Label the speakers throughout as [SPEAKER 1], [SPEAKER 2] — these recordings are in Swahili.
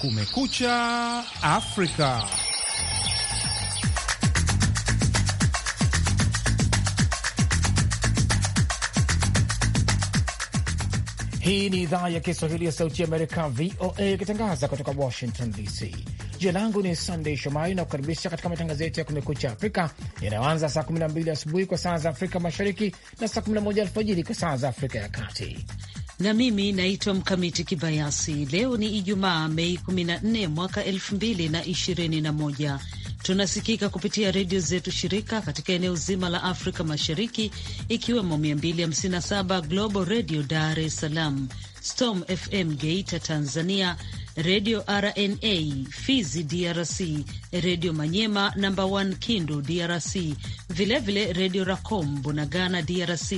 [SPEAKER 1] Kumekucha
[SPEAKER 2] Afrika.
[SPEAKER 3] Hii ni idhaa ya Kiswahili ya Sauti ya Amerika, VOA, ikitangaza kutoka Washington DC. Jina langu ni Sandey Shomari na kukaribisha katika matangazo yetu ya Kumekucha Afrika yanayoanza saa 12 asubuhi kwa saa za Afrika Mashariki na saa 11 alfajiri kwa saa za Afrika ya Kati
[SPEAKER 4] na mimi naitwa Mkamiti Kibayasi. Leo ni Ijumaa, Mei 14 mwaka 2021. Tunasikika kupitia redio zetu shirika katika eneo zima la Afrika Mashariki, ikiwemo 257 Global Radio Dar es Salaam, Storm FM Geita Tanzania, Redio RNA Fizi DRC, Redio Manyema namba 1 Kindu DRC, vilevile Redio Racom Bunagana DRC,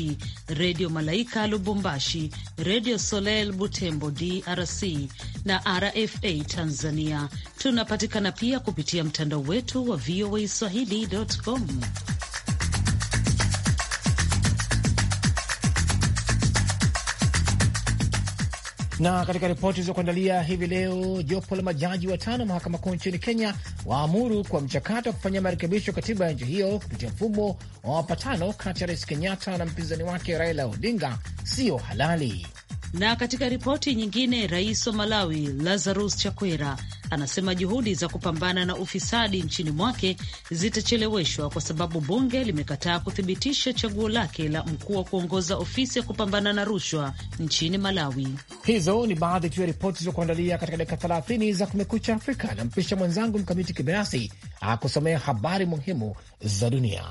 [SPEAKER 4] Redio Malaika Lubumbashi, Redio Soleil Butembo DRC na RFA Tanzania. Tunapatikana pia kupitia mtandao wetu wa VOA swahili.com.
[SPEAKER 3] Na katika ripoti zilizokuandalia hivi leo, jopo la majaji watano mahakama kuu nchini Kenya waamuru kwa mchakato wa kufanyia marekebisho katiba ya nchi hiyo kupitia mfumo wa mapatano kati ya rais Kenyatta na mpinzani wake Raila Odinga sio
[SPEAKER 4] halali. Na katika ripoti nyingine, rais wa Malawi Lazarus Chakwera anasema juhudi za kupambana na ufisadi nchini mwake zitacheleweshwa kwa sababu bunge limekataa kuthibitisha chaguo lake la mkuu wa kuongoza ofisi ya kupambana na rushwa nchini Malawi. Hizo ni baadhi tu ya ripoti kuandalia katika dakika thelathini za Kumekucha
[SPEAKER 3] Afrika. Nampisha mwenzangu Mkamiti Kibayasi akusomea habari muhimu za dunia.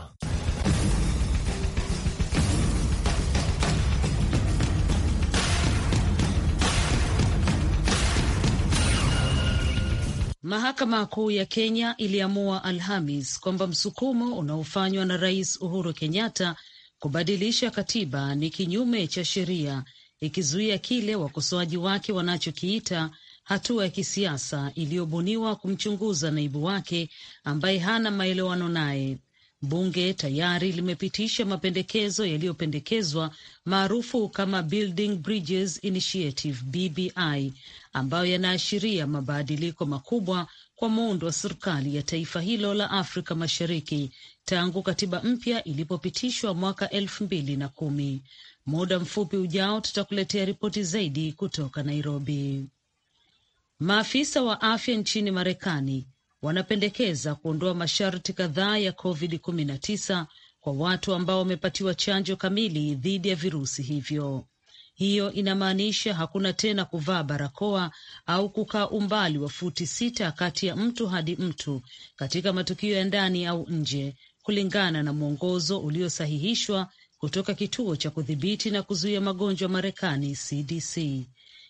[SPEAKER 4] Mahakama Kuu ya Kenya iliamua Alhamis kwamba msukumo unaofanywa na Rais Uhuru Kenyatta kubadilisha katiba ni kinyume cha sheria, ikizuia kile wakosoaji wake wanachokiita hatua ya kisiasa iliyobuniwa kumchunguza naibu wake ambaye hana maelewano naye. Bunge tayari limepitisha mapendekezo yaliyopendekezwa maarufu kama Building Bridges Initiative BBI ambayo yanaashiria mabadiliko makubwa kwa muundo wa serikali ya taifa hilo la Afrika Mashariki tangu katiba mpya ilipopitishwa mwaka elfu mbili na kumi. Muda mfupi ujao tutakuletea ripoti zaidi kutoka Nairobi. Maafisa wa afya nchini Marekani wanapendekeza kuondoa masharti kadhaa ya COVID-19 kwa watu ambao wamepatiwa chanjo kamili dhidi ya virusi hivyo. Hiyo inamaanisha hakuna tena kuvaa barakoa au kukaa umbali wa futi sita kati ya mtu hadi mtu katika matukio ya ndani au nje, kulingana na mwongozo uliosahihishwa kutoka kituo cha kudhibiti na kuzuia magonjwa Marekani, CDC.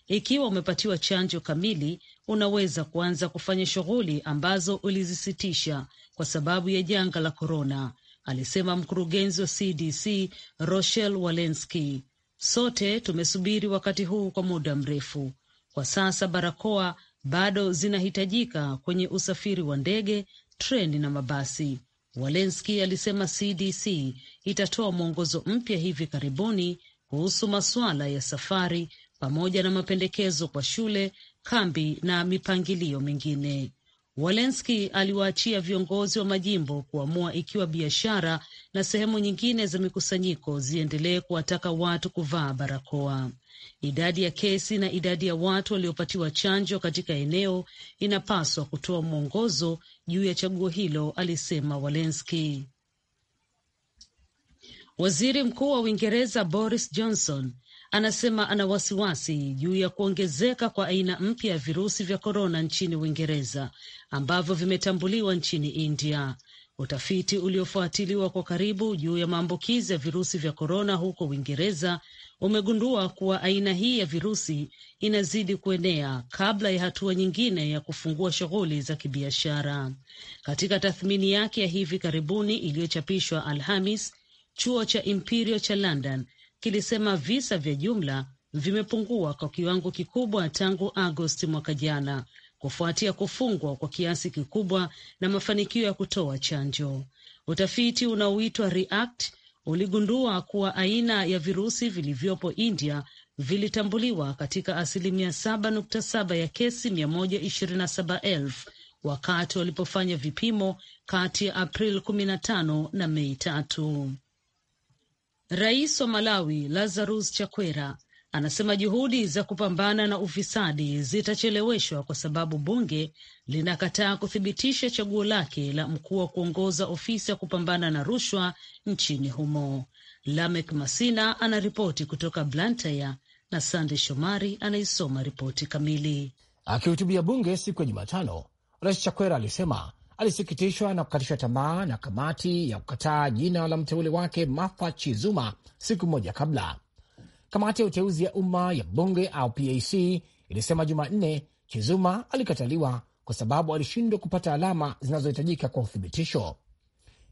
[SPEAKER 4] Ikiwa umepatiwa chanjo kamili, unaweza kuanza kufanya shughuli ambazo ulizisitisha kwa sababu ya janga la korona, alisema mkurugenzi wa CDC Rochelle Walensky. Sote tumesubiri wakati huu kwa muda mrefu. Kwa sasa barakoa bado zinahitajika kwenye usafiri wa ndege, treni na mabasi. walenski alisema CDC itatoa mwongozo mpya hivi karibuni kuhusu masuala ya safari pamoja na mapendekezo kwa shule, kambi na mipangilio mingine. walenski aliwaachia viongozi wa majimbo kuamua ikiwa biashara na sehemu nyingine za mikusanyiko ziendelee kuwataka watu kuvaa barakoa. Idadi ya kesi na idadi ya watu waliopatiwa chanjo katika eneo inapaswa kutoa mwongozo juu ya chaguo hilo, alisema Walensky. Waziri Mkuu wa Uingereza Boris Johnson anasema ana wasiwasi juu ya kuongezeka kwa aina mpya ya virusi vya korona nchini Uingereza ambavyo vimetambuliwa nchini India. Utafiti uliofuatiliwa kwa karibu juu ya maambukizi ya virusi vya korona huko Uingereza umegundua kuwa aina hii ya virusi inazidi kuenea kabla ya hatua nyingine ya kufungua shughuli za kibiashara. Katika tathmini yake ya hivi karibuni iliyochapishwa Alhamis, chuo cha Imperial cha London kilisema visa vya jumla vimepungua kwa kiwango kikubwa tangu Agosti mwaka jana kufuatia kufungwa kwa kiasi kikubwa na mafanikio ya kutoa chanjo. Utafiti unaoitwa REACT uligundua kuwa aina ya virusi vilivyopo India vilitambuliwa katika asilimia 7.7 ya kesi 127,000 wakati walipofanya vipimo kati ya April 15 na Mei tatu. Rais wa Malawi Lazarus Chakwera anasema juhudi za kupambana na ufisadi zitacheleweshwa kwa sababu bunge linakataa kuthibitisha chaguo lake la mkuu wa kuongoza ofisi ya kupambana na rushwa nchini humo. Lamek Masina anaripoti kutoka Blantyre na Sande Shomari anaisoma ripoti kamili. Akihutubia bunge siku ya Jumatano,
[SPEAKER 3] Rais Chakwera alisema alisikitishwa na kukatishwa tamaa na kamati ya kukataa jina la mteule wake Mafa Chizuma siku moja kabla Kamati ya uteuzi ya umma ya bunge au PAC ilisema Jumanne Chizuma alikataliwa kwa sababu alishindwa kupata alama zinazohitajika kwa uthibitisho.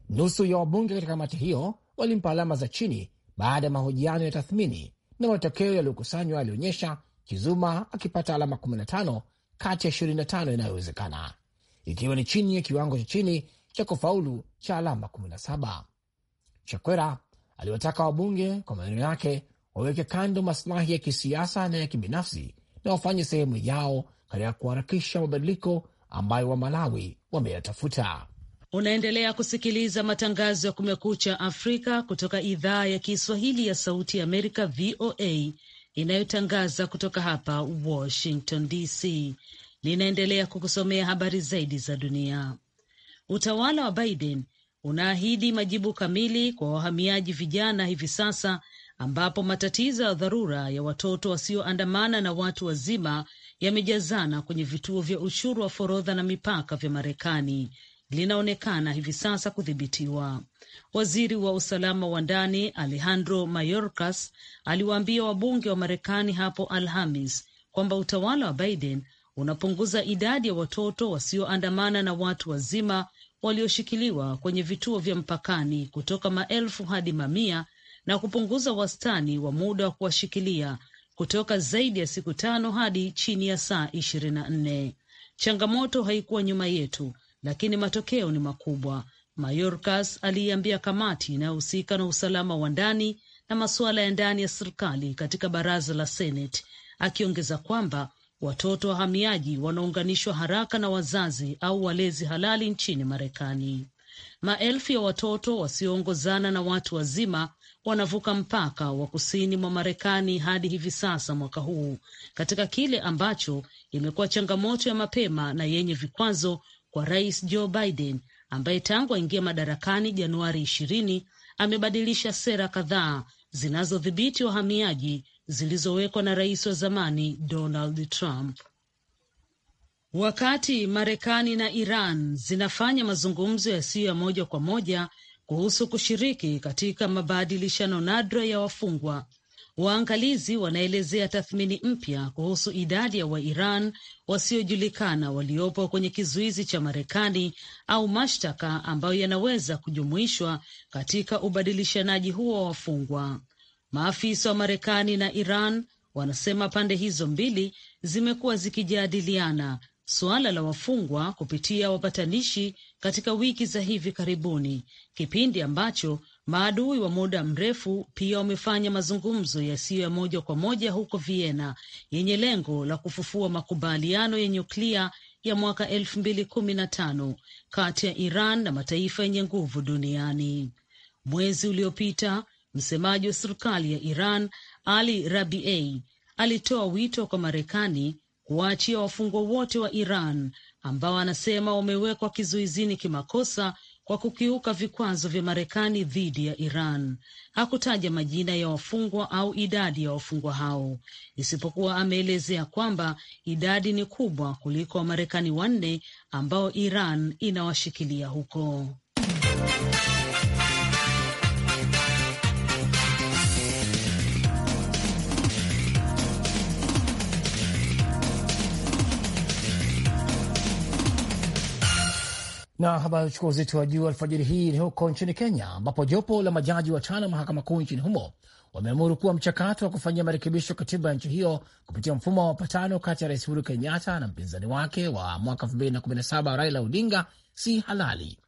[SPEAKER 3] Nusu ya wabunge katika kamati hiyo walimpa alama za chini baada ya mahojiano ya tathmini, na matokeo yaliyokusanywa yalionyesha Chizuma akipata alama 15 kati ya 25 inayowezekana, ikiwa ni chini ya kiwango cha chini cha kufaulu cha alama 17. Chakwera aliwataka wabunge kwa maneno yake waweke kando maslahi ya kisiasa na ya kibinafsi na wafanye sehemu yao katika kuharakisha mabadiliko ambayo Wamalawi wameyatafuta.
[SPEAKER 4] Unaendelea kusikiliza matangazo ya Kumekucha Afrika kutoka idhaa ya Kiswahili ya Sauti ya Amerika, VOA, inayotangaza kutoka hapa Washington DC. Ninaendelea kukusomea habari zaidi za dunia. Utawala wa Biden unaahidi majibu kamili kwa wahamiaji vijana hivi sasa ambapo matatizo ya dharura ya watoto wasioandamana na watu wazima yamejazana kwenye vituo vya ushuru wa forodha na mipaka vya Marekani linaonekana hivi sasa kudhibitiwa. Waziri wa usalama wa ndani Alejandro Mayorkas aliwaambia wabunge wa Marekani hapo Alhamis kwamba utawala wa Biden unapunguza idadi ya watoto wasioandamana na watu wazima walioshikiliwa kwenye vituo vya mpakani kutoka maelfu hadi mamia na kupunguza wastani wa muda wa kuwashikilia kutoka zaidi ya siku tano hadi chini ya saa ishirini na nne. Changamoto haikuwa nyuma yetu, lakini matokeo ni makubwa, Mayorkas aliiambia kamati inayohusika na usalama wa ndani na masuala ya ndani ya serikali katika baraza la Seneti, akiongeza kwamba watoto wahamiaji wanaunganishwa haraka na wazazi au walezi halali nchini Marekani. Maelfu ya watoto wasioongozana na watu wazima wanavuka mpaka wa kusini mwa Marekani hadi hivi sasa mwaka huu katika kile ambacho imekuwa changamoto ya mapema na yenye vikwazo kwa Rais Joe Biden ambaye tangu aingia madarakani Januari ishirini amebadilisha sera kadhaa zinazodhibiti wahamiaji zilizowekwa na rais wa zamani Donald Trump. Wakati Marekani na Iran zinafanya mazungumzo yasiyo ya moja kwa moja kuhusu kushiriki katika mabadilishano nadra ya wafungwa, waangalizi wanaelezea tathmini mpya kuhusu idadi ya Wairan wasiojulikana waliopo kwenye kizuizi cha Marekani au mashtaka ambayo yanaweza kujumuishwa katika ubadilishanaji huo wa wafungwa. Maafisa wa Marekani na Iran wanasema pande hizo mbili zimekuwa zikijadiliana suala la wafungwa kupitia wapatanishi katika wiki za hivi karibuni, kipindi ambacho maadui wa muda mrefu pia wamefanya mazungumzo yasiyo ya moja kwa moja huko Vienna yenye lengo la kufufua makubaliano ya nyuklia ya mwaka elfu mbili kumi na tano kati ya Iran na mataifa yenye nguvu duniani. Mwezi uliopita, msemaji wa serikali ya Iran Ali Rabiei alitoa wito kwa Marekani kuwaachia wafungwa wote wa Iran ambao anasema wamewekwa kizuizini kimakosa kwa kukiuka vikwazo vya Marekani dhidi ya Iran. Hakutaja majina ya wafungwa au idadi ya wafungwa hao, isipokuwa ameelezea kwamba idadi ni kubwa kuliko Wamarekani wanne ambao Iran inawashikilia huko.
[SPEAKER 3] Na habari uchukua uzito wa juu alfajiri hii ni huko nchini Kenya, ambapo jopo la majaji watano mahakama kuu nchini humo wameamuru kuwa mchakato wa kufanyia marekebisho katiba ya nchi hiyo kupitia mfumo wa mapatano kati ya Rais Uhuru Kenyatta na mpinzani wake wa mwaka 2017 Raila Odinga si halali.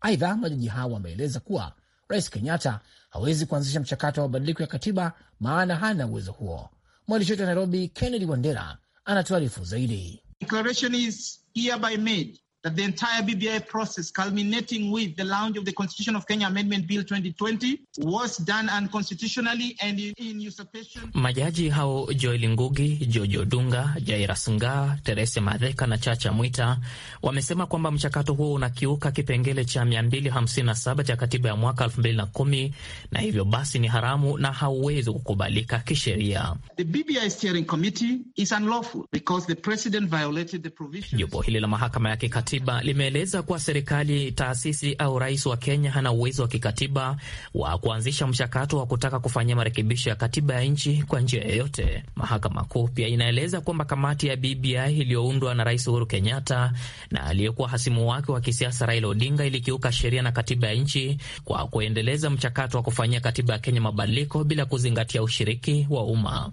[SPEAKER 3] Aidha, majaji hao wameeleza kuwa Rais Kenyatta hawezi kuanzisha mchakato wa mabadiliko ya katiba maana hana uwezo huo. Mwandishi wetu wa Nairobi, Kennedy Wandera, anatuarifu zaidi. Declaration is hereby made that the entire BBI process, culminating with the launch of the Constitution of Kenya Amendment Bill 2020, was done unconstitutionally and in usurpation.
[SPEAKER 1] Majaji hao Joel Ngugi, Jojo Dunga, Jaira Sunga, Teresa Madheka na Chacha Mwita wamesema kwamba mchakato huo unakiuka kipengele cha 257 cha katiba ya mwaka 2010 na hivyo basi ni haramu na hauwezi kukubalika kisheria. The
[SPEAKER 2] BBI steering committee is unlawful because the president violated the provisions.
[SPEAKER 1] Jopo hili la mahakama ya kikatiba katiba limeeleza kuwa serikali, taasisi au rais wa Kenya hana uwezo wa kikatiba wa kuanzisha mchakato wa kutaka kufanyia marekebisho ya katiba ya nchi kwa njia yoyote. Mahakama Kuu pia inaeleza kwamba kamati ya BBI iliyoundwa na Rais Uhuru Kenyatta na aliyekuwa hasimu wake wa kisiasa Raila Odinga ilikiuka sheria na katiba ya nchi kwa kuendeleza mchakato wa kufanyia katiba ya Kenya mabadiliko bila kuzingatia ushiriki wa umma.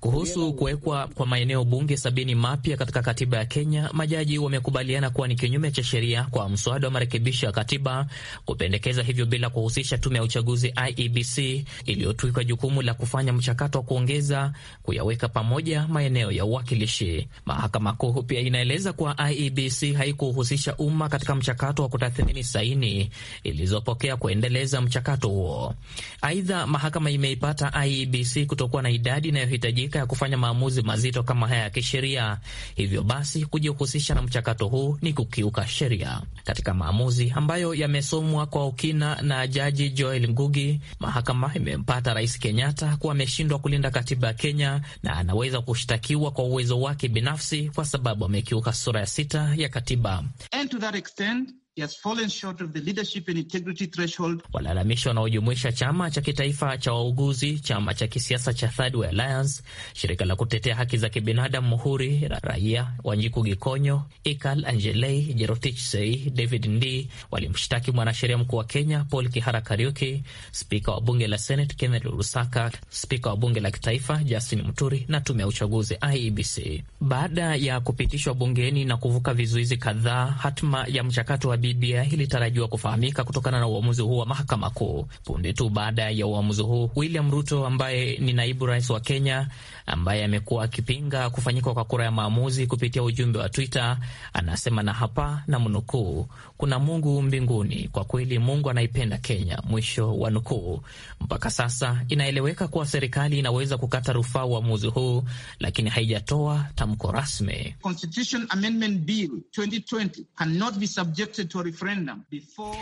[SPEAKER 1] Kuhusu kuwekwa kwa maeneo mabunge sabini mapya katika katiba ya Kenya, majaji wamekubaliana kuwa ni kinyume cha sheria kwa mswada wa marekebisho ya katiba kupendekeza hivyo bila kuhusisha tume ya uchaguzi IEBC iliyotwikwa jukumu la kufanya mchakato wa kuongeza, kuyaweka pamoja maeneo ya uwakilishi. Mahakama Kuu pia inaeleza kuwa IEBC haikuhusisha umma katika mchakato wa kutathmini saini ilizopokea kuendeleza mchakato huo. Aidha, mahakama imeipata IEBC kutokuwa na idadi inayohitajika ya kufanya maamuzi mazito kama haya ya kisheria. Hivyo basi kujihusisha na mchakato huu ni kukiuka sheria. Katika maamuzi ambayo yamesomwa kwa ukina na Jaji Joel Ngugi, mahakama imempata Rais Kenyatta kuwa ameshindwa kulinda katiba ya Kenya na anaweza kushtakiwa kwa uwezo wake binafsi kwa sababu amekiuka sura ya sita ya katiba
[SPEAKER 2] And to that extent, He has fallen short of the leadership and integrity threshold.
[SPEAKER 1] Walalamishi wanaojumuisha chama cha kitaifa cha wauguzi, chama cha kisiasa cha Third Way Alliance, shirika la kutetea haki za kibinadamu Muhuri, raia Wanjiku Gikonyo, Ikal Angelei, Jerotich Sei, David nd walimshtaki mwanasheria mkuu wa Kenya Paul Kihara Kariuki, spika wa bunge la Senate Kennedy Lusaka, spika wa bunge la kitaifa Justin Muturi na tume ya uchaguzi IEBC baada ya kupitishwa bungeni na kuvuka vizuizi kadhaa. Hatma ya mchakato wa Libya ilitarajiwa kufahamika kutokana na uamuzi huu wa mahakama kuu punde tu baada ya uamuzi huu. William Ruto ambaye ni naibu rais wa Kenya ambaye amekuwa akipinga kufanyika kwa kura ya maamuzi kupitia ujumbe wa Twitter, anasema na hapa na mnukuu, kuna Mungu mbinguni, kwa kweli Mungu anaipenda Kenya, mwisho wa nukuu. Mpaka sasa inaeleweka kuwa serikali inaweza kukata rufaa uamuzi huu, lakini haijatoa tamko rasmi.
[SPEAKER 2] Constitution Amendment Bill 2020 cannot be subjected to a referendum before...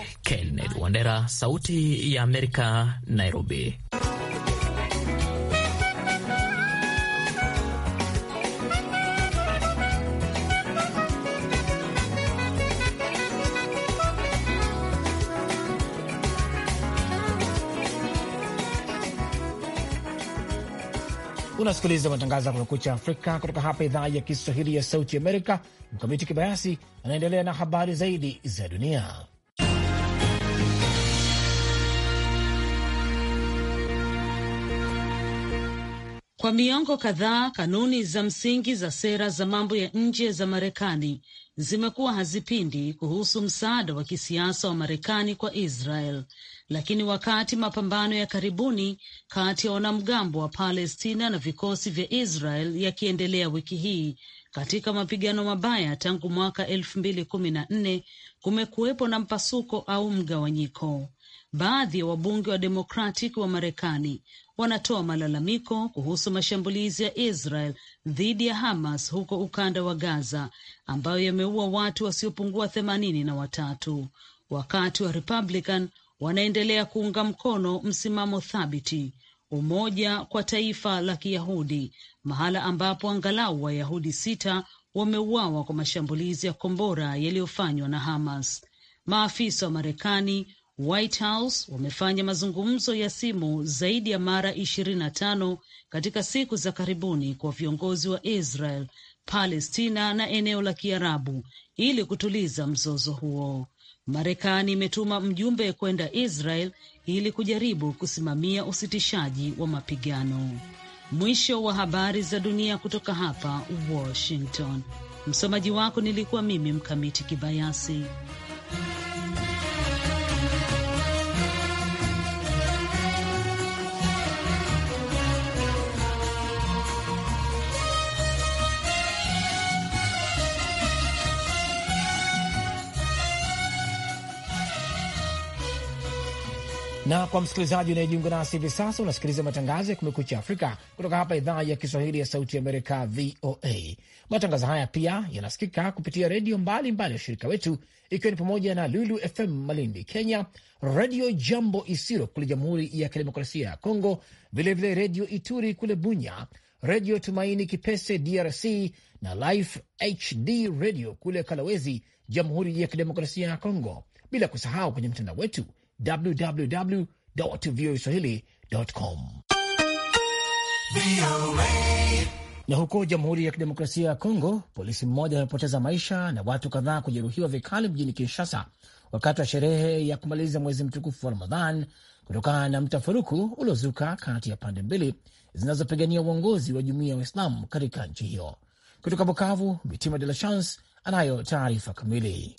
[SPEAKER 1] Wandera, Sauti ya Amerika, Nairobi.
[SPEAKER 3] Unasikiliza matangazo ya Kumekucha Afrika kutoka hapa idhaa ya Kiswahili ya Sauti Amerika. Mkamiti Kibayasi anaendelea na habari zaidi za
[SPEAKER 4] dunia. Kwa miongo kadhaa, kanuni za msingi za sera za mambo ya nje za Marekani zimekuwa hazipindi kuhusu msaada wa kisiasa wa Marekani kwa Israel, lakini wakati mapambano ya karibuni kati ya wanamgambo wa Palestina na vikosi vya Israel yakiendelea wiki hii katika mapigano mabaya tangu mwaka elfu mbili kumi na nne kumekuwepo na mpasuko au mgawanyiko. Baadhi ya wabunge wa demokratic wa Marekani wanatoa malalamiko kuhusu mashambulizi ya Israel dhidi ya Hamas huko ukanda wa Gaza ambayo yameua watu wasiopungua themanini na watatu, wakati wa Republican wanaendelea kuunga mkono msimamo thabiti umoja kwa taifa la Kiyahudi, mahala ambapo angalau Wayahudi sita wameuawa kwa mashambulizi ya kombora yaliyofanywa na Hamas. Maafisa wa Marekani White House wamefanya mazungumzo ya simu zaidi ya mara ishirini na tano katika siku za karibuni kwa viongozi wa Israel, Palestina na eneo la Kiarabu ili kutuliza mzozo huo. Marekani imetuma mjumbe kwenda Israel ili kujaribu kusimamia usitishaji wa mapigano. Mwisho wa habari za dunia kutoka hapa Washington. Msomaji wako nilikuwa mimi Mkamiti Kibayasi.
[SPEAKER 3] na kwa msikilizaji unayejiunga nasi hivi sasa, unasikiliza matangazo ya Kumekucha Afrika kutoka hapa idhaa ya Kiswahili ya Sauti ya Amerika, VOA. Matangazo haya pia yanasikika kupitia redio mbalimbali ya ushirika wetu, ikiwa ni pamoja na Lulu FM Malindi Kenya, Redio Jambo Isiro kule Jamhuri ya Kidemokrasia ya Kongo, vilevile Redio Ituri kule Bunya, Redio Tumaini Kipese DRC na Life HD Radio kule Kalawezi, Jamhuri ya Kidemokrasia ya Kongo, bila kusahau kwenye mtandao wetu www Na huko Jamhuri ya Kidemokrasia ya Kongo, polisi mmoja amepoteza maisha na watu kadhaa kujeruhiwa vikali mjini Kinshasa wakati wa sherehe ya kumaliza mwezi mtukufu wa Ramadhan kutokana na mtafaruku uliozuka kati ya pande mbili zinazopigania uongozi wa jumuia ya Waislamu katika nchi hiyo. Kutoka Bukavu, Mitima De La Chance anayo taarifa kamili.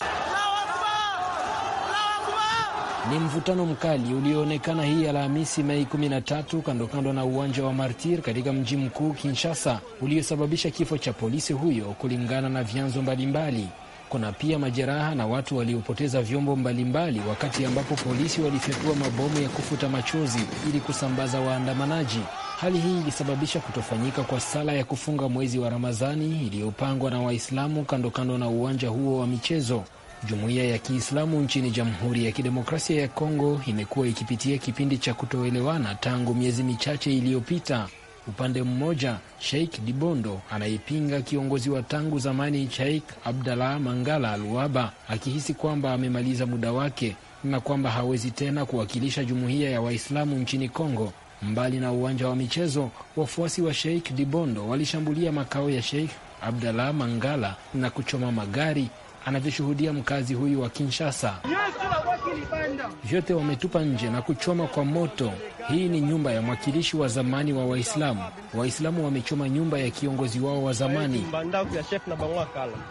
[SPEAKER 3] Ni
[SPEAKER 5] mvutano mkali ulioonekana hii Alhamisi Mei 13 kandokando kando na uwanja wa Martir katika mji mkuu Kinshasa, uliosababisha kifo cha polisi huyo, kulingana na vyanzo mbalimbali. Kuna pia majeraha na watu waliopoteza vyombo mbalimbali, wakati ambapo polisi walifyatua mabomu ya kufuta machozi ili kusambaza waandamanaji. Hali hii ilisababisha kutofanyika kwa sala ya kufunga mwezi wa Ramadhani iliyopangwa na Waislamu kandokando na uwanja huo wa michezo. Jumuiya ya Kiislamu nchini Jamhuri ya Kidemokrasia ya Kongo imekuwa ikipitia kipindi cha kutoelewana tangu miezi michache iliyopita. Upande mmoja, Sheikh Dibondo anayepinga kiongozi wa tangu zamani Sheikh Abdallah Mangala Alwaba akihisi kwamba amemaliza muda wake na kwamba hawezi tena kuwakilisha jumuiya ya Waislamu nchini Kongo. Mbali na uwanja wa michezo, wafuasi wa Sheikh Dibondo walishambulia makao ya Sheikh Abdallah Mangala na kuchoma magari anavyoshuhudia mkazi huyu wa Kinshasa. Vyote wametupa nje na kuchoma kwa moto. Hii ni nyumba ya mwakilishi wa zamani wa Waislamu. Waislamu wamechoma nyumba ya kiongozi wao wa zamani.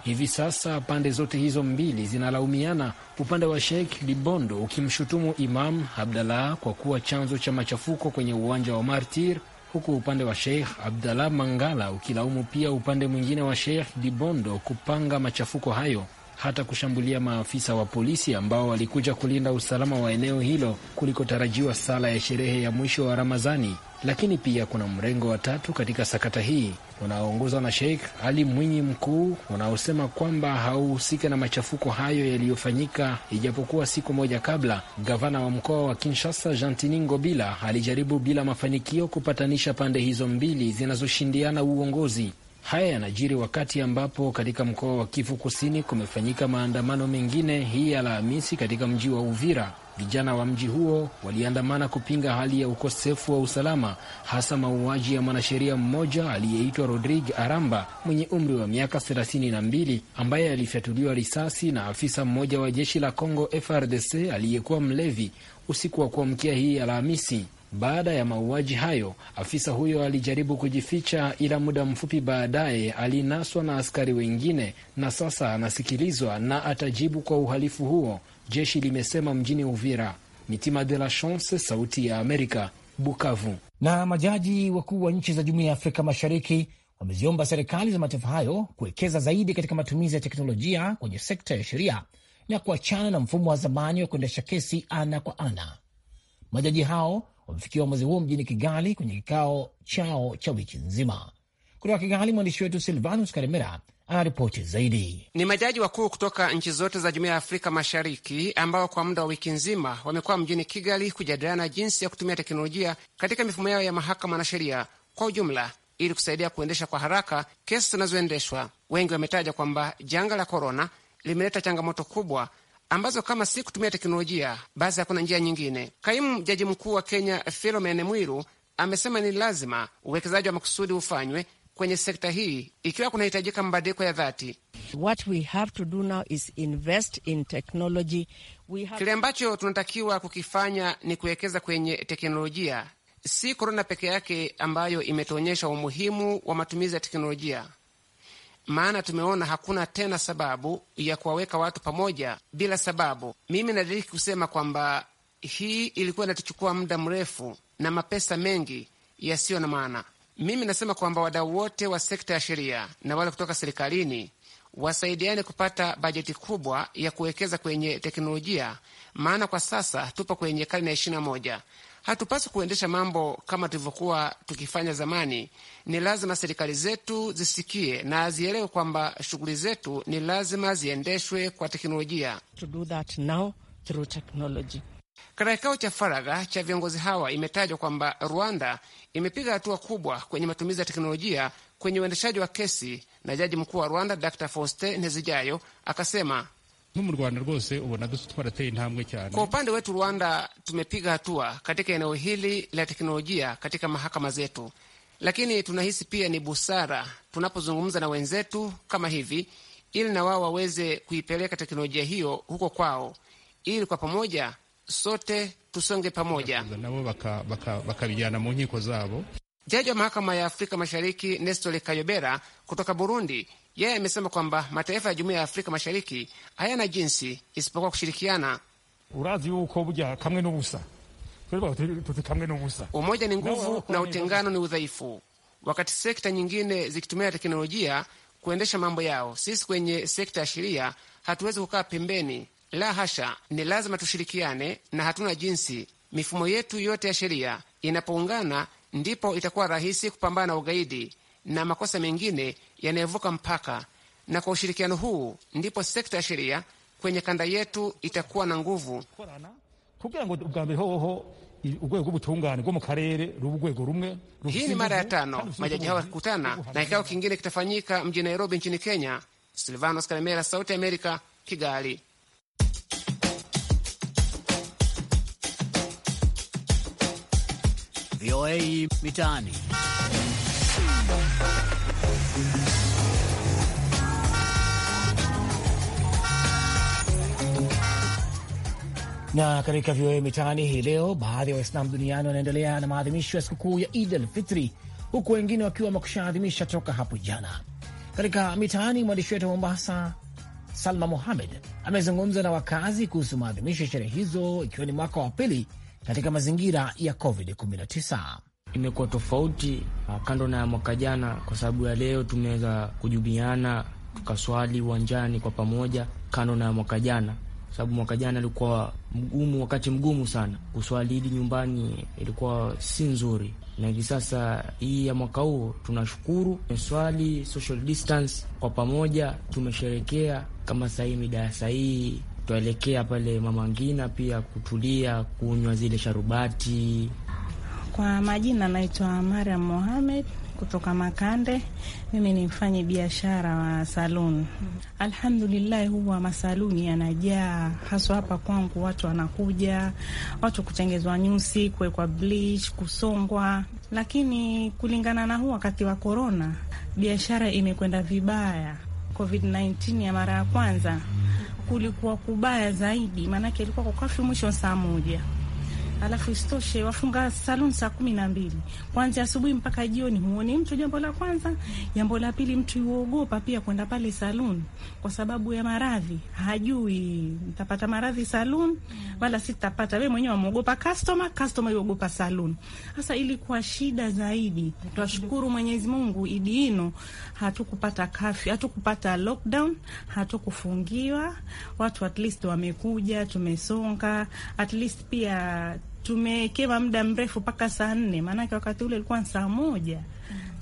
[SPEAKER 5] Hivi sasa pande zote hizo mbili zinalaumiana, upande wa Sheikh Libondo ukimshutumu Imam Abdallah kwa kuwa chanzo cha machafuko kwenye uwanja wa Martir, huku upande wa Sheikh Abdallah Mangala ukilaumu pia upande mwingine wa Sheikh Libondo kupanga machafuko hayo hata kushambulia maafisa wa polisi ambao walikuja kulinda usalama wa eneo hilo kulikotarajiwa sala ya sherehe ya mwisho wa ramazani Lakini pia kuna mrengo wa tatu katika sakata hii unaoongozwa na Sheikh Ali Mwinyi Mkuu, unaosema kwamba hauhusika na machafuko hayo yaliyofanyika, ijapokuwa siku moja kabla gavana wa mkoa wa Kinshasa Jantini Ngobila alijaribu bila mafanikio kupatanisha pande hizo mbili zinazoshindiana uongozi. Haya yanajiri wakati ambapo katika mkoa wa Kivu Kusini kumefanyika maandamano mengine hii Alhamisi katika mji wa Uvira. Vijana wa mji huo waliandamana kupinga hali ya ukosefu wa usalama, hasa mauaji ya mwanasheria mmoja aliyeitwa Rodrigue Aramba mwenye umri wa miaka 32 ambaye alifyatuliwa risasi na afisa mmoja wa jeshi la Congo FRDC aliyekuwa mlevi usiku wa kuamkia hii Alhamisi. Baada ya mauaji hayo, afisa huyo alijaribu kujificha, ila muda mfupi baadaye alinaswa na askari wengine na sasa anasikilizwa na atajibu kwa uhalifu huo, jeshi limesema mjini Uvira. Mitima de la Chance, Sauti ya Amerika,
[SPEAKER 3] Bukavu. Na majaji wakuu wa nchi za Jumuiya ya Afrika Mashariki wameziomba serikali za mataifa hayo kuwekeza zaidi katika matumizi ya teknolojia kwenye sekta ya sheria na kuachana na mfumo wa zamani wa kuendesha kesi ana kwa ana. Majaji hao wamefikia uamuzi huo mjini Kigali kwenye kikao chao cha wiki nzima. Kutoka Kigali, mwandishi wetu Silvanus Karemera anaripoti zaidi.
[SPEAKER 6] Ni majaji wakuu kutoka nchi zote za Jumuiya ya Afrika Mashariki ambao kwa muda wa wiki nzima wamekuwa mjini Kigali kujadiliana jinsi ya kutumia teknolojia katika mifumo yao ya mahakama na sheria kwa ujumla ili kusaidia kuendesha kwa haraka kesi zinazoendeshwa. Wengi wametaja kwamba janga la korona limeleta changamoto kubwa ambazo kama si kutumia teknolojia basi hakuna njia nyingine. Kaimu jaji mkuu wa Kenya Philomene Mwilu amesema ni lazima uwekezaji wa makusudi ufanywe kwenye sekta hii ikiwa kunahitajika mabadiliko ya dhati. Kile ambacho tunatakiwa kukifanya ni kuwekeza kwenye teknolojia. Si korona peke yake ambayo imetuonyesha umuhimu wa matumizi ya teknolojia maana tumeona hakuna tena sababu ya kuwaweka watu pamoja bila sababu. Mimi nadiriki kusema kwamba hii ilikuwa inatuchukua muda mrefu na mapesa mengi yasiyo na maana. Mimi nasema kwamba wadau wote wa sekta ya sheria na wale kutoka serikalini wasaidiane kupata bajeti kubwa ya kuwekeza kwenye teknolojia, maana kwa sasa tupo kwenye karne ya ishirini na moja Hatupaswi kuendesha mambo kama tulivyokuwa tukifanya zamani. Ni lazima serikali zetu zisikie na zielewe kwamba shughuli zetu ni lazima ziendeshwe kwa teknolojia. Katika kikao cha faragha cha viongozi hawa imetajwa kwamba Rwanda imepiga hatua kubwa kwenye matumizi ya teknolojia kwenye uendeshaji wa kesi, na jaji mkuu wa Rwanda Dr Faustin Ntezijayo akasema
[SPEAKER 2] mu Rwanda rwose ubona twarateye intambwe cyane. Kwa
[SPEAKER 6] upande wetu Rwanda tumepiga hatua katika eneo hili la teknolojia katika mahakama zetu, lakini tunahisi pia ni busara tunapozungumza na wenzetu kama hivi, ili na wao waweze kuipeleka teknolojia hiyo huko kwao, ili kwa pamoja sote tusonge pamoja, nabo
[SPEAKER 2] bakabijana mu nkiko zabo.
[SPEAKER 6] Jaji wa mahakama ya Afrika Mashariki Nestor Kayobera kutoka Burundi yeye yeah, amesema kwamba mataifa ya jumuiya ya Afrika Mashariki hayana jinsi isipokuwa kushirikiana.
[SPEAKER 2] Umoja ni nguvu na utengano
[SPEAKER 6] ni udhaifu. Wakati sekta nyingine zikitumia teknolojia kuendesha mambo yao, sisi kwenye sekta ya sheria hatuwezi kukaa pembeni, la hasha, ni lazima tushirikiane na hatuna jinsi. Mifumo yetu yote ya sheria inapoungana, ndipo itakuwa rahisi kupambana na ugaidi na makosa mengine yanayovuka mpaka, na kwa ushirikiano huu ndipo sekta ya sheria kwenye kanda yetu itakuwa na nguvu
[SPEAKER 2] hii ni mara ya tano majaji hao
[SPEAKER 6] wakikutana na kikao kingine kitafanyika mjini Nairobi nchini Kenya. Silvanos Kalemera, Sauti ya Amerika, Kigali.
[SPEAKER 3] VOA Mitaani. Na katika vioe mitaani hii leo, baadhi ya Waislamu duniani wanaendelea na maadhimisho ya sikukuu ya Id al Fitri, huku wengine wakiwa wamekushaadhimisha toka hapo jana. Katika mitaani, mwandishi wetu wa Mombasa Salma muhamed amezungumza na wakazi kuhusu maadhimisho ya sherehe hizo, ikiwa ni mwaka wa pili katika mazingira ya COVID-19
[SPEAKER 1] imekuwa tofauti ah, kando na ya mwaka jana, kwa sababu ya leo tumeweza kujumiana tukaswali uwanjani kwa pamoja, kando na ya mwaka jana, sababu mwaka jana ilikuwa mgumu, wakati mgumu sana kuswali hili nyumbani, ilikuwa si nzuri. Na hivi sasa hii ya mwaka huu tunashukuru, tumeswali social distance kwa pamoja, tumesherekea kama sahii mida ya sahii tutaelekea pale Mama Ngina pia kutulia, kunywa zile sharubati
[SPEAKER 7] kwa majina naitwa Mariam Mohamed kutoka Makande. Mimi ni mfanyi biashara wa saluni. Alhamdulillahi, huwa masaluni yanajaa, haswa hapa kwangu. Watu wanakuja, watu kutengezwa nyusi, kuwekwa bleach, kusongwa. Lakini kulingana na huu wakati wa korona, biashara imekwenda vibaya. COVID-19 ya mara ya kwanza kulikuwa kubaya zaidi, maanake ilikuwa kwa kafyu mwisho saa moja alafu isitoshe wafunga salon saa kumi na mbili kwanzia asubuhi mpaka jioni, huone mtu. Jambo la kwanza. Jambo la pili, mtu huogopa pia kwenda pale salon kwa sababu ya maradhi, hajui nitapata maradhi salon wala sitapata. Wewe mwenyewe wamuogopa customer, customer yuogopa saluni. Sasa ilikuwa shida zaidi. Twashukuru Mwenyezi Mungu, idiino hatukupata kafyu, hatukupata lockdown, hatukufungiwa. Watu at least wamekuja, tumesonga at least pia tumeekewa muda mrefu mpaka saa nne, maanake wakati ule ilikuwa saa moja.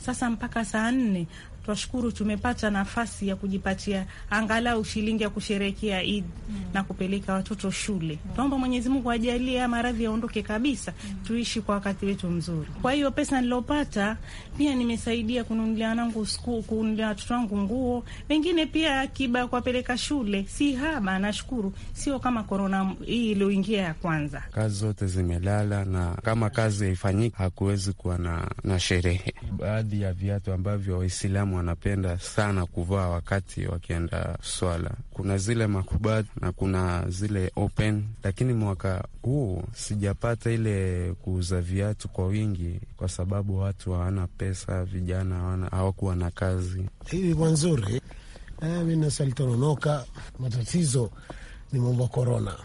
[SPEAKER 7] Sasa mpaka saa nne Twashukuru tumepata nafasi ya kujipatia angalau shilingi ya kusherekea Idi mm. na kupeleka watoto shule mm. Tuomba Mwenyezi Mungu ajalie haya maradhi yaondoke kabisa mm. tuishi kwa wakati wetu mzuri. Kwa hiyo pesa nilopata pia nimesaidia kununulia wanangu skuu, kununulia watoto wangu nguo, wengine pia akiba ya kuwapeleka shule. Si haba, nashukuru, sio kama korona hii iliyoingia ya kwanza.
[SPEAKER 2] Kazi zote zimelala, na kama kazi haifanyiki hakuwezi kuwa na, na sherehe. Baadhi ya viatu ambavyo Waislamu Waislamu wanapenda sana kuvaa wakati wakienda swala. Kuna zile makubad na kuna zile open, lakini mwaka huu sijapata ile kuuza viatu kwa wingi, kwa sababu watu hawana pesa, vijana hawakuwa na kazi. Hii kwa nzuri, eh, mi nasalitononoka. Matatizo ni mambo ya korona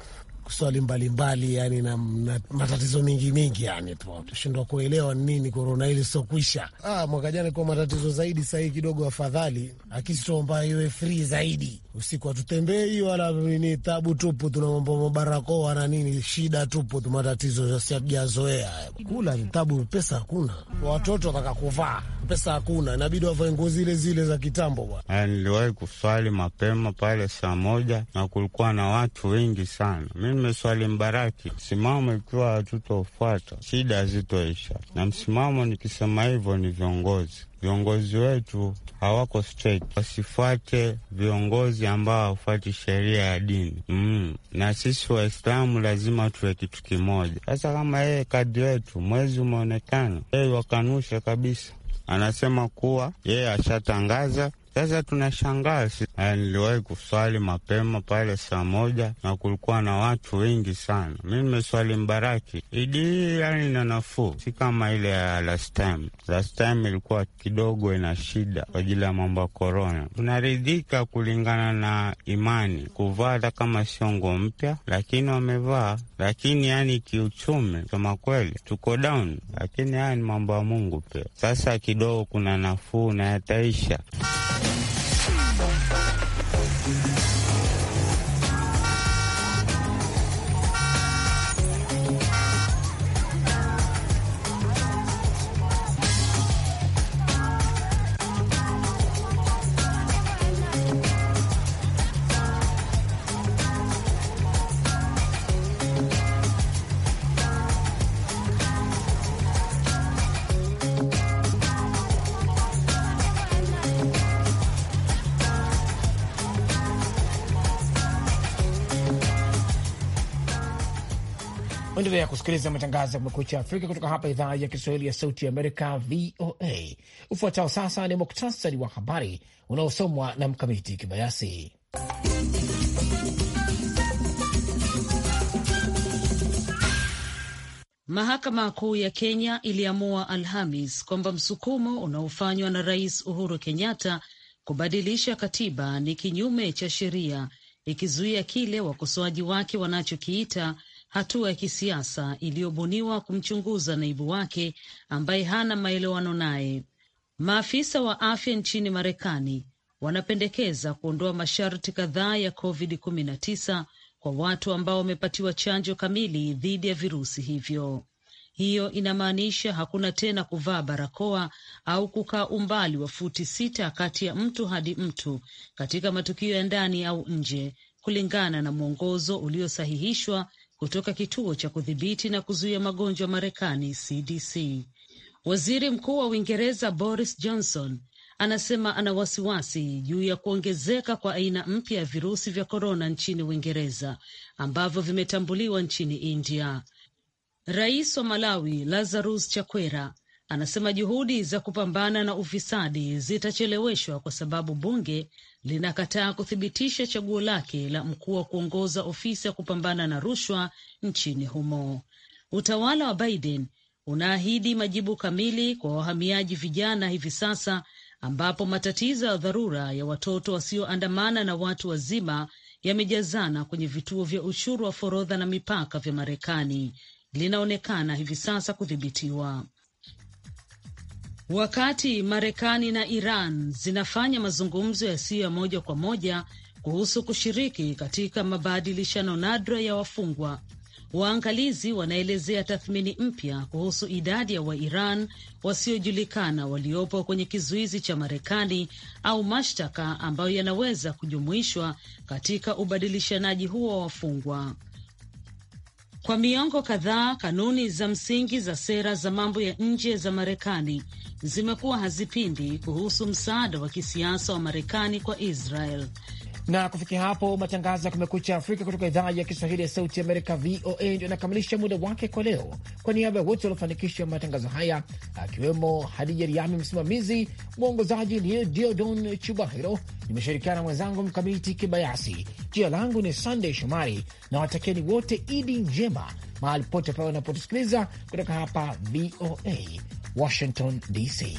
[SPEAKER 2] swali mbalimbali yani na, na matatizo mingi mingi yani tushindwa kuelewa nini korona hili sokwisha. Ah, mwaka jana kwa matatizo zaidi, sahii kidogo afadhali akistoomba iwe free zaidi usiku hatutembei wala ni tabu tupu, tunaomba mabarakoa na nini, shida tupu tu, matatizo sijazoea. Kula ni tabu, pesa hakuna, watoto wataka kuvaa, pesa hakuna, inabidi wavae nguo zile zile za kitambo bwana. Niliwahi kuswali mapema pale saa moja na kulikuwa na watu wengi sana. Mi nimeswali mbaraki, msimamo ikiwa hatutofuata shida hazitoisha, na msimamo nikisema hivyo ni viongozi viongozi wetu hawako straight, wasifuate viongozi ambao hawafuati sheria ya dini mm. Na sisi Waislamu lazima tuwe kitu kimoja. Sasa kama yeye kadi wetu mwezi umeonekana, yeye wakanusha kabisa, anasema kuwa yeye ashatangaza sasa tunashangaa si, eh, niliwahi kuswali mapema pale saa moja na kulikuwa na watu wengi sana. Mi nimeswali Mbaraki idi, yani na nafuu, si kama ile ya last time. Last time ilikuwa kidogo ina shida kwa ajili ya mambo ya korona. Tunaridhika kulingana na imani kuvaa, hata kama sio nguo mpya, lakini wamevaa. Lakini yani kiuchumi, kama kweli tuko down, lakini haya ni mambo ya Mungu pia. Sasa kidogo kuna nafuu na yataisha.
[SPEAKER 3] unasikiliza matangazo ya Kumekucha Afrika kutoka hapa idhaa ya Kiswahili ya Sauti ya Amerika, VOA. Ufuatao sasa ni muktasari wa habari unaosomwa na Mkamiti Kibayasi.
[SPEAKER 4] Mahakama Kuu ya Kenya iliamua Alhamis kwamba msukumo unaofanywa na Rais Uhuru Kenyatta kubadilisha katiba ni kinyume cha sheria, ikizuia kile wakosoaji wake wanachokiita hatua ya kisiasa iliyobuniwa kumchunguza naibu wake ambaye hana maelewano naye. Maafisa wa afya nchini Marekani wanapendekeza kuondoa masharti kadhaa ya COVID-19 kwa watu ambao wamepatiwa chanjo kamili dhidi ya virusi hivyo. Hiyo inamaanisha hakuna tena kuvaa barakoa au kukaa umbali wa futi sita kati ya mtu hadi mtu katika matukio ya ndani au nje, kulingana na mwongozo uliosahihishwa kutoka kituo cha kudhibiti na kuzuia magonjwa Marekani, CDC. Waziri Mkuu wa Uingereza Boris Johnson anasema ana wasiwasi juu ya kuongezeka kwa aina mpya ya virusi vya korona nchini Uingereza ambavyo vimetambuliwa nchini India. Rais wa Malawi Lazarus Chakwera anasema juhudi za kupambana na ufisadi zitacheleweshwa kwa sababu bunge linakataa kuthibitisha chaguo lake la mkuu wa kuongoza ofisi ya kupambana na rushwa nchini humo. Utawala wa Biden unaahidi majibu kamili kwa wahamiaji vijana hivi sasa, ambapo matatizo ya dharura ya watoto wasioandamana na watu wazima yamejazana kwenye vituo vya ushuru wa forodha na mipaka vya Marekani linaonekana hivi sasa kudhibitiwa. Wakati Marekani na Iran zinafanya mazungumzo yasiyo ya moja kwa moja kuhusu kushiriki katika mabadilishano nadra ya wafungwa, waangalizi wanaelezea tathmini mpya kuhusu idadi ya Wairan wasiojulikana waliopo kwenye kizuizi cha Marekani au mashtaka ambayo yanaweza kujumuishwa katika ubadilishanaji huo wa wafungwa. Kwa miongo kadhaa, kanuni za msingi za sera za mambo ya nje za Marekani zimekuwa hazipindi kuhusu msaada wa kisiasa wa Marekani kwa Israel.
[SPEAKER 3] Na kufikia hapo, matangazo ya Kumekucha Afrika kutoka idhaa ya Kiswahili ya Sauti Amerika, VOA, ndio anakamilisha muda wake kwa leo. Kwa niaba ya wote waliofanikisha matangazo haya, akiwemo Hadija Riami, msimamizi mwongozaji, ni Diodon Chubahiro, nimeshirikiana na mwenzangu Mkamiti Kibayasi. Jina langu ni Sunday Shomari na watakeni wote Idi njema mahali pote pale wanapotusikiliza kutoka hapa VOA Washington DC.